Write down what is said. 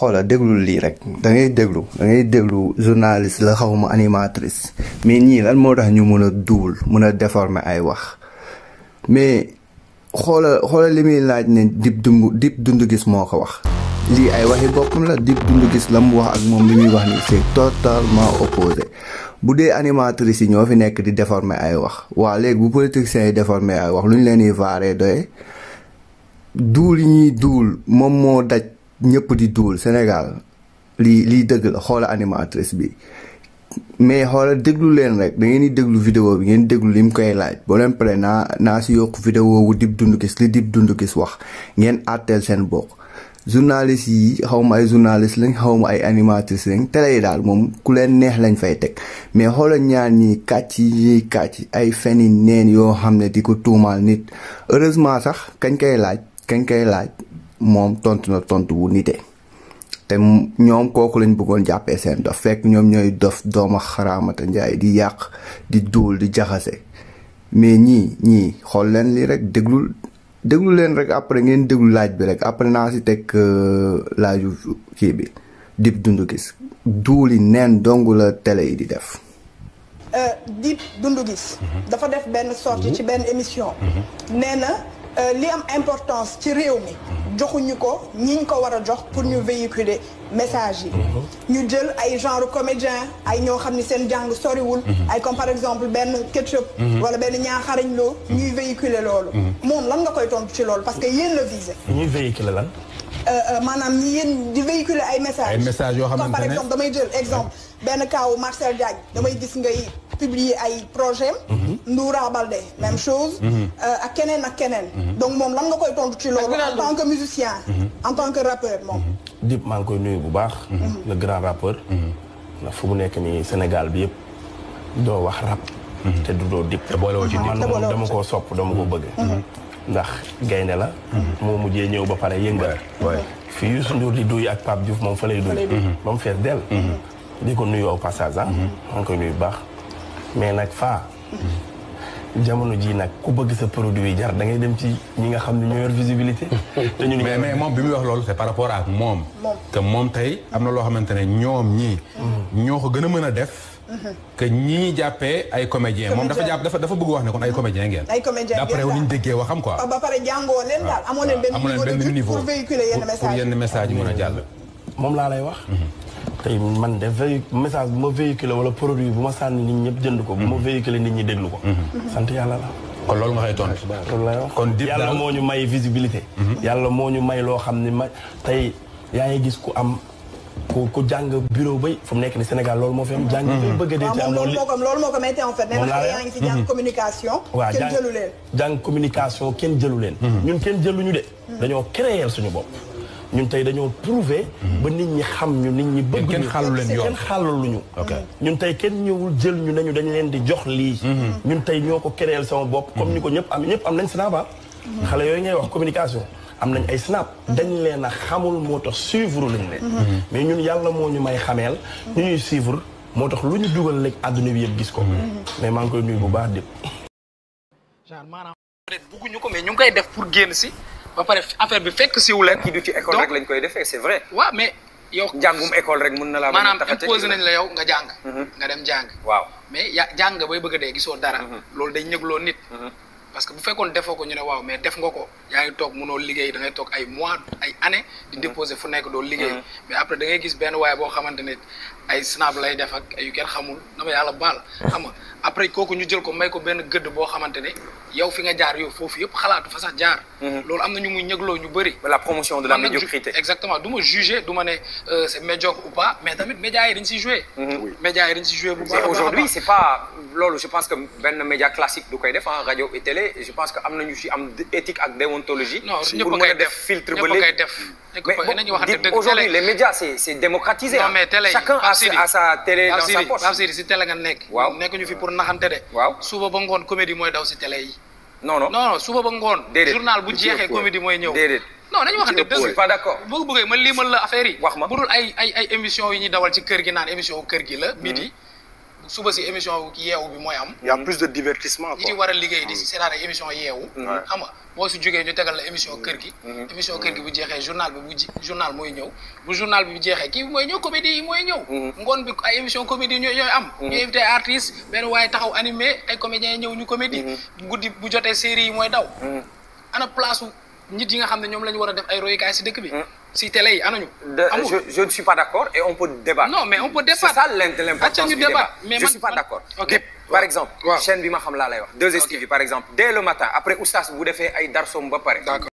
xoola déglu lii rek dangay déglu da déglu journaliste la xawma animatrice mais ñii lan moo tax ñu mën a duul mën a déformer ay wax mais xoola xoola li muy laaj ne dib dund dib dund gis moo ko wax lii ay waxi boppam la dib dund gis la mu wax ak moom li muy wax nii c'est totalement opposé bu dee animatrices yi ñoo fi nekk di déformer ay wax waa léegi bu politiciens yi déformer ay wax lu ñu leen di vaaree doye duul yi ñuy duul moom moo daj ñëpp di duul Sénégal lii lii dëgg la xoola animatrice bi mais xoola déglu leen rek da ngeen di déglu vidéo bi ngeen déglu li mu koy laaj boo leen pare naa naa si yokk vidéo wu Dip Doundou Guiss li Dip Doundou Guiss wax ngeen àtteel seen bopp journaliste yi xaw ma ay journaliste lañ xaw ma ay animatrice lañ télé yi daal moom ku leen neex lañ fay teg mais xoola ñaar ñii kàcc yi kàcc ay feni neen yoo xam ne di ko tuumaal nit heureusement sax kañ koy laaj kañ koy laaj moom tontu na tontu wu nite te ñoom kooku lañ bëggoon jàppee seen dof fekk ñoom ñooy dof dooma xaraamata njaay di yàq di duul di jaxase mais ñii ñii xool leen lii rek déglul déglu leen rek après ngeen déglu laaj bi rek après naa si teg euh, laaju kii bi Dip Doundou Guiss duuli neen dong la tele yi di def euh, Dip Doundou Guiss mhm. dafa def benn sortie mhm. ci benn émission mhm. nee Euh, li am importance ci réew mi joxuñu ko ñiñ ko war a jox pour ñu véhiculer message yi mhm. ñu jël ay genre comédien ay ñoo xam ni seen jàng sori wul mhm. ay comme par exemple benn ketchup mhm. wala benn ñaaxarañ loo ñuy véhiculer loolu moom lan nga koy tontu ci loolu parce que yéen la visé ñuy véhiculer lan euh, euh, maanaam ñi yéen di véhiculer ay message message yoo xam ne comme par exemple damay jël exemple benn kaawu Marcel Diagne damay gis ngay publier ay projet am. Mhm. Ndoura Baldé même mhm. chose. Mhm. Euh, ak keneen ak keneen. donc moom lan nga koy tontu ci loolu. tant que musicien. en tant que rappeur moom. Dip maa ngi koy nuyu bu baax. le grand rappeur. ndax fu mu nekk nii Sénégal bi yëpp doo wax rap. te du doo Dip. te boolewoo ci man moom dama koo sopp dama ko bëgg. ndax gaynde la. moo mujjee ñëw ba pare yëngal. fi Youssou Ndour di duy ak Pape Diouf moom fa lay duy. ba mu fees dell. ko nuyu au passage ah. maa ngi koy mais nag faa. jamono jii nag ku bëgg sa produit jar da ngay dem ci ñi nga xam ne ñoo yor visibilité. te ñun mais mais moom bi muy wax loolu c'est par rapport ak moom. que moom tey am na loo xamante ne ñoom ñii. Mm-hmm. ñoo ko gën a mën a def. Mm-hmm. que ñii jàppee ay comédien moom dafa jàpp dafa dafa bëgg wax ne kon ay comédien ngeen. ay comédien ngeen d'après ni ñu déggee waxam daal amoo leen benn niveau pour véhiculer yenn message pour a jàll. moom laa lay wax. Mm-hmm. tey man de message bu ma véhiculé wala produit bu ma sànni nit ñëpp jënd ko. bu ma mhm. véhiculé nit ñi déglu ko. Mhm. sant yàlla la. kon loolu nga koy tontu. loolu la wax kon yàlla moo ñu may visibilité. Mhm. yàlla moo ñu may loo xam ne ma tey yaa ngi gis ku am. ku ku jàng bureau bay fu mu nekk ni Sénégal loolu moo fi am. jàng bay bëgg a dee ci am loolu moo jàng communication. kenn jëlu leen. jàng communication kenn jëlu ñun kenn jëluñu de. dañoo créer suñu bopp. ñun tey dañoo prouver ba nit ñi xam ñu nit ñi bëgg kenn xaalu leen yoon kenn xaalu ñun tey kenn ñëwul jël ñu nañu dañ leen di jox lii mhm. ñun tey ñoo ko créer sama bopp comme ñu mhm. ko ñëpp am ñëpp am nañ snap ba ah. mhm. xale yooyu ngay wax communication am nañ ay snap dañ leen a xamul moo tax suivre lañ leen mais ñun yàlla moo ñu may xameel ñu ñuy suivre moo tax lu ñu dugal léegi àdduna bi yëpp gis ko mais maa ngi koy nuyu bu baax dépp peut-être bugguñu ko mais ñu ngi koy def pour génn si ba pare affaire bi fekk siwu leen. kii du ci école rek lañ koy defee c'est vrai. waaw mais yow. jàngum école rek mun na laa. maanaam imposé nañ la yow nga jàng. Mhm. nga dem jàng. waaw mais ya jàng bay bëgg a dee gisoo dara. Mhm. loolu day ñëgloo nit. Mhm. parce que bu fekkoon defoo ko ñu ne waaw mais def nga ko yaa ngi toog mënoo liggéey da toog ay mois ay années. di mm-hmm. déposer fu nekk doo liggéey. Mm-hmm. mais après da ngay gis benn waaye boo xamante ne ay snap lay def ak ay yu kenn xamul dama yàlla baal. xam après kooku ñu jël ko may ko benn gëdd boo xamante ne yow fi nga jaar yow foofu yëpp xalaatu fa sax jaar. Mm-hmm. loolu am na ñu muy ñëgloo ñu bëri. la promotion de la médiocrité exactement du ma jugé du ma ne euh, c'est médiocre ou médias yi dañ siy joué. oui médias yi dañ siy joué bu baax. aujourd'hui que benn média classique du koy def rajo et télé je pense que am nañu ci am éthique ak déontologie. non ñëpp koy def filtre ba léegi mais aujourd'hui les médias c'est c'est démocratisé. non mais télé chacun a sa sa télé dans sa poche. Babsiri si télé nga nekk. waaw nekkuñu fi pour naxante de. waaw ba ngoon comédie mooy daw si télé yi. non non non suba ba ngoon. journal bu jeexee comédie mooy ñëw. déedéet non dañu waxante dëgg. je suis ma limal la affaire yi. wax ay émission yi ñuy dawal ci kër gi naan émission kër gi la hmm. midi suba si émission yeewu bi mooy am. y' a plus de divertissement. ñi ci war a liggéey di mm. seetaan ay émission yeewu. Mm-hmm. xam nga si jógee ñu tegal la émission mm-hmm. kër gi. Mm-hmm. émission kër gi bu jeexee journal bi bu ji journal mooy ñëw bu journal bi bu jeexee kii mooy ñëw comédie yi mooy ñëw. ngoon bi ay émission comédie ñooy ñooy am. ñu invité artiste benn waaye taxaw animé ay comédiens ñëw ñu comédie. guddi bu jotee série yi mooy daw. ana place nit yi nga xam ne ñoom la ñu war a def ay si dëkk bi. Hmm. si télé yi anañu. amul je je ne suis pas d' et on peut débattre. non mais on peut débattre c' ça l' importance du débat mais suis pas d' ok par exemple. waaw bi ma xam laa lay wax. 2 par exemple dès le matin après oustaz bu defee ay darsom ba